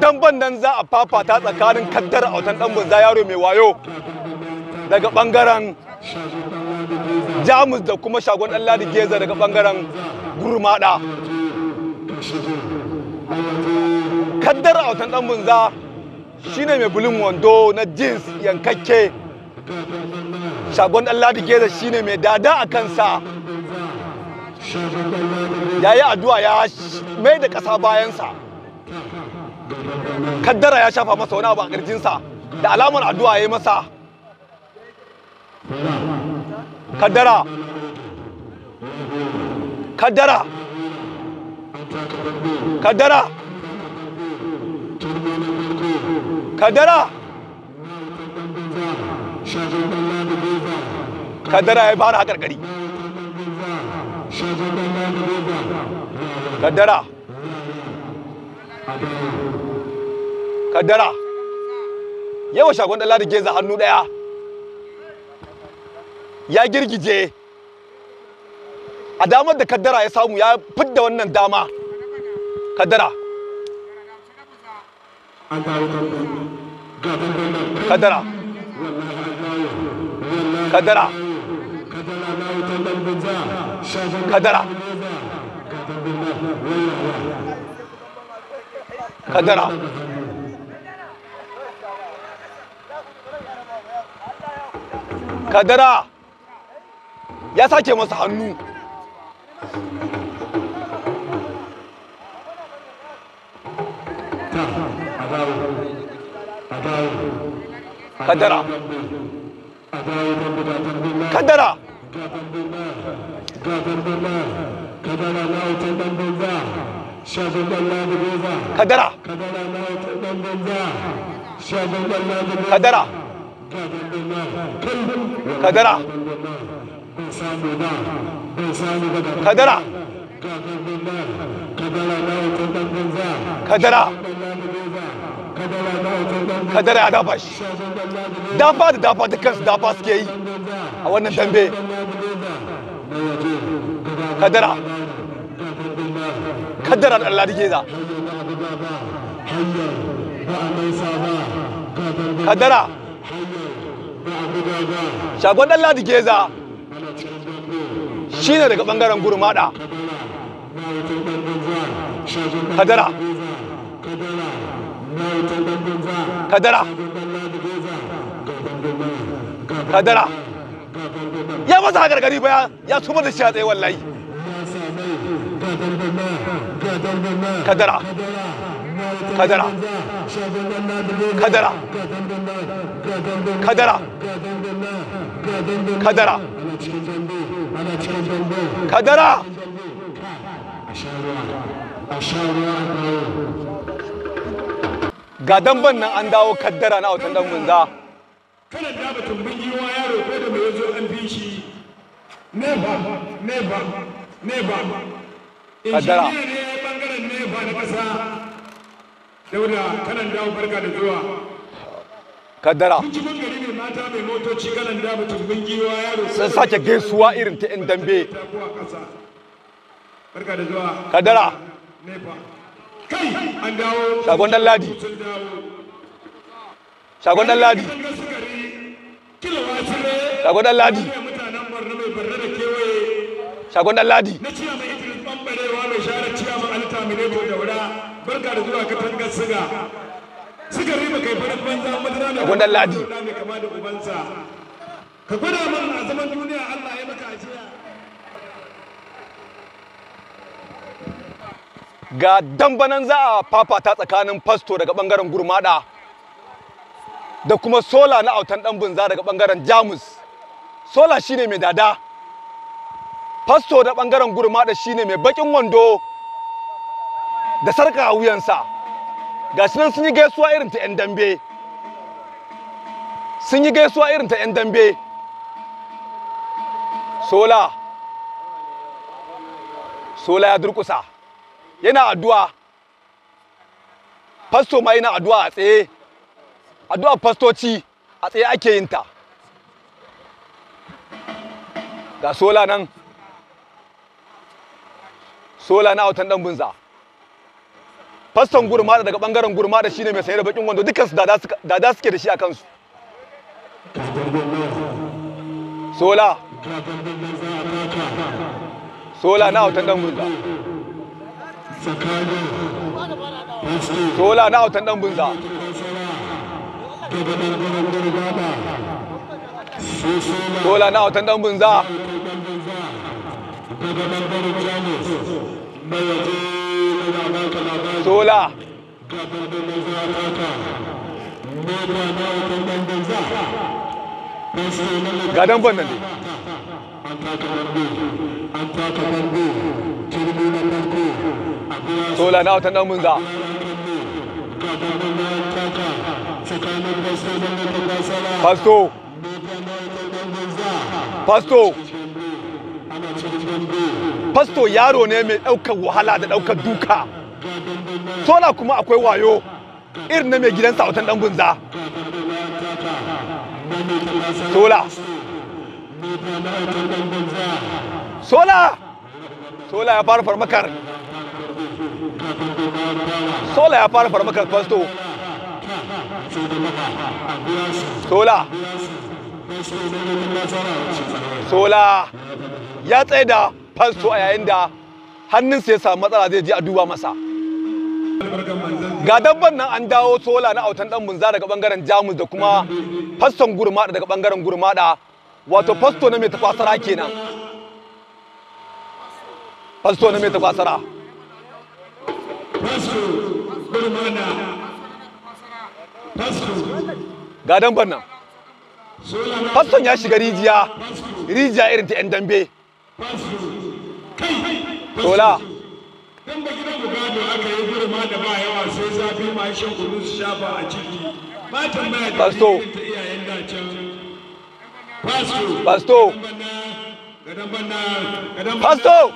damban nan za a fafata tsakanin kaddar autan dan bunza yaro mai wayo daga bangaren jamus da kuma shagon dan ladi geza daga bangaren gurmada kaddar autan dan bunza shine mai bulin wando na jeans yankakke shagon dan ladi geza shine mai dada a kansa yayi addu'a ya mai da ƙasa bayansa kaddara ya shafa masa wani abu a ƙirjinsa da alamar addu'a ya yi masa kaddara kaddara kaddara kaddara kaddara ya fara a ƙarƙari kaddara kaddara yawan shagon ɗan da geza hannu ɗaya ya girgije a damar da kaddara ya samu ya fidda wannan dama kaddara kaddara kaddara kaddara kaddara kadara ya sake masa hannu kadara kadara kadara kadara kadara kadara kadara kadara ya dafa shi dafa da dafa da kansu dafa suke yi a wannan dambe kadara kadara da Allah dake za kadara shagon dan ladi geza ne daga bangaren gurmada kadara kadara kadara ya masa gargari baya ya tumar da shi a tsaye wallahi kadara kadara kadara kadara kadara kadara ga damban an dawo na kadara dauda kanan dawo barka da zuwa kaddara sun sake gaisuwa irin ta yan dambe kaddara shagon dan ladi shagon dan ladi shagon dan ladi shagon dan ladi na ciya mai idris bambarewa mai share ciya ma alta mai nebo da barka da zuwa katangar siga suka riba kai farin banza madina da wannan ladi mai kama da ubansa ka gwada mana a zaman duniya Allah ya maka ajiya ga dambanan za a fafata tsakanin fasto daga bangaren gurmada da kuma sola na autan dan bunza daga bangaren jamus sola shine mai dada fasto da bangaren gurmada shine mai bakin wando da sarka a wuyansa gashi nan sun yi gaisuwa irin ta 'yan dambe sun yi gaisuwa irin ta 'yan dambe sola sola ya durkusa yana addu'a fasto ma yana addu'a a tsaye addu'a fastoci a tsaye ake yin ta ga sola nan sola na autan dan bunza faston gurma daga bangaren gurma da shine mai saye da bakin wando dukansu da dada suke da shi a kansu sola sola na autan dan bunza sola na autan dan bunza sola na autan dan bunza sola ga dan ban nan ne sola na wata namun za Pasto! Pasto! fasto yaro ne mai ɗaukar wahala da ɗaukar duka sola kuma akwai wayo irin na mai gidan a watan ɗan gunza sola sola sola ya fara farmakar sola ya fara farmakar fasto sola sola ya tsaye da fasto a yayin da hannunsa ya samu matsala zai je a duba masa ga dabban nan an dawo sola na autan dan munza daga bangaren jamus da kuma faston gurmada daga bangaren gurmada wato fasto na mai tafasara kenan fasto na mai tafasara ga nan faston ya shiga rijiya rijiya irin ta 'yan dambe Tola. Dan ba gidan gado aka yi girma da ba yawa sai zafi ma shan kunu su a ciki. Ba tambaya da Pasto. Pasto. Pasto. Pasto.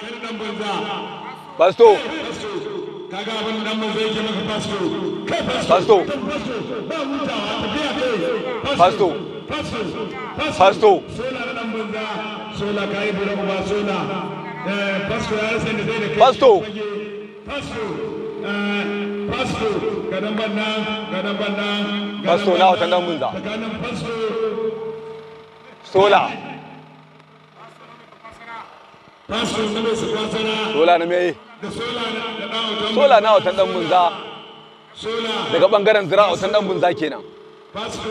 dan banza. Pasto. Kaga dan maka pasto. Kai pasto. Pasto. Ba tafiya kai. Pasto. Pasto. Pasto. Pasto. Sai na dan banza. sola ka eh, pasto ya da zai da kai pasto pasto eh, pasto gadan banna gadan banna pasto na wata nan munza gadan pasto sola pasto na mai su sola na mai sola na nan munza daga bangaren zira wata nan munza kenan pasto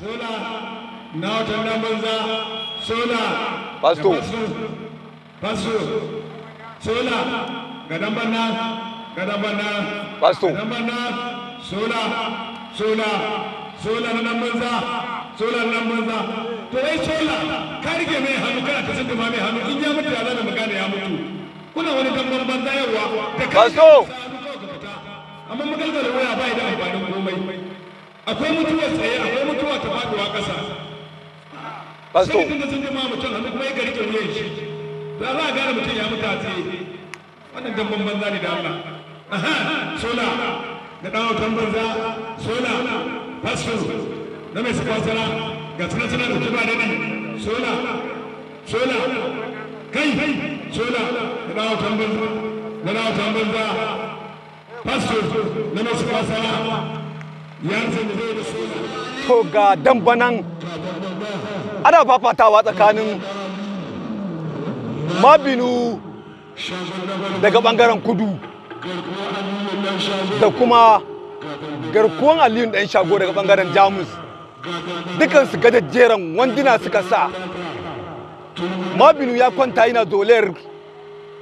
Sola na watan nan banza sola pasto pasto sola gadan na na to mai hannu kana mai hannu in ya mutu ya zama magana ya mutu kuna wani banza yawa waya ba da amfanin komai akwai mutuwa tsaye akwai mutuwa ta faduwa ƙasa pasto sai kinga sun jama mutum hannu kuma ya gari kirye shi da za a gane mutum ya mutu a tsaye wannan dan banza ne da Allah aha sola da dawo wutan banza sola pasto na mai sakwasara ga tunan tunan da kiba da ni sola sola kai sola da dawo wutan banza da banza pasto na mai sakwasara to ga dambanan ana fafatawa tsakanin mabinu daga bangaren kudu da kuma garkuwan aliyun dan shago daga bangaren jamus dukansu gajajjeren wandina suka sa mabinu ya kwanta yana doler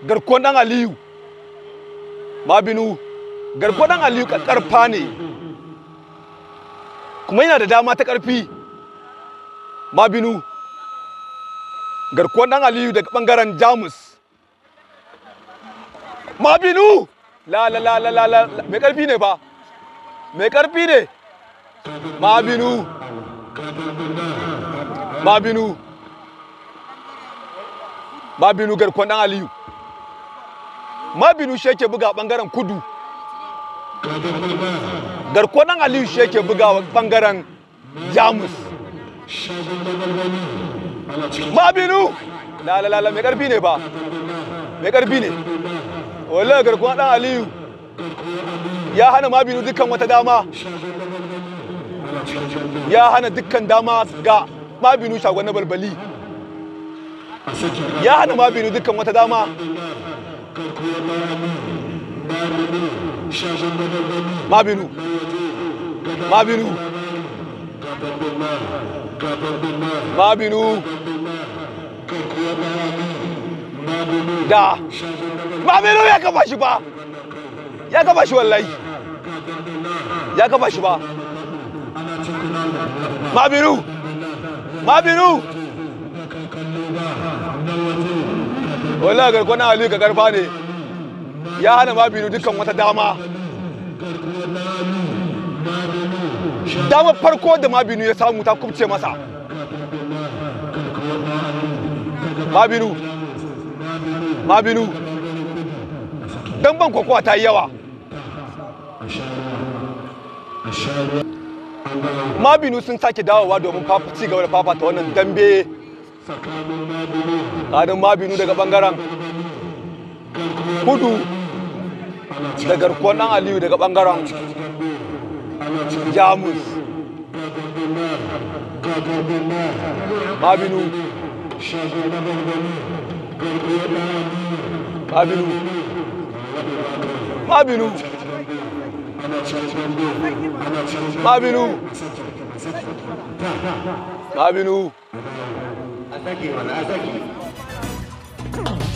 garkuwan ɗan aliyu mabinu garkuwan ɗan aliyu karfa ne kuma yana da dama ta ƙarfi mabinu garkuwan ɗan aliyu daga ɓangaren jamus mabinu lalalalalala la la la la la mai ƙarfi ne ba mai ƙarfi ne mabinu mabinu mabinu garkuwan ɗan aliyu mabinu shi yake buga ɓangaren kudu garkonan aliyu shi yake bugawa bangaren jamus mabinu lalala mai karfi ne ba mai karfi ne wala garkuwa dan aliyu ya hana mabinu dukkan wata dama ya hana dukkan dama ga mabinu shagon na balbali ya hana mabinu dukkan wata dama Mabinu. Mabinu. Mabinu. Da. Mabinu ya kafa shi ba. Ya kafa shi wallahi. Ya kafa shi ba. Mabinu. Mabinu. Wallahi Ali ka karfa ne. ya hana mabinu dukkan wata dama damar farko da mabinu ya samu ta kubce masa mabinu mabinu dan ban kwakwa ta yi yawa mabinu sun sake dawowa domin ci gaba da fafata wannan dambe tsakanin mabinu daga bangaren kudu da garkuwar dan aliyu daga bangaren jamus babinu babinu babinu babinu babinu a sake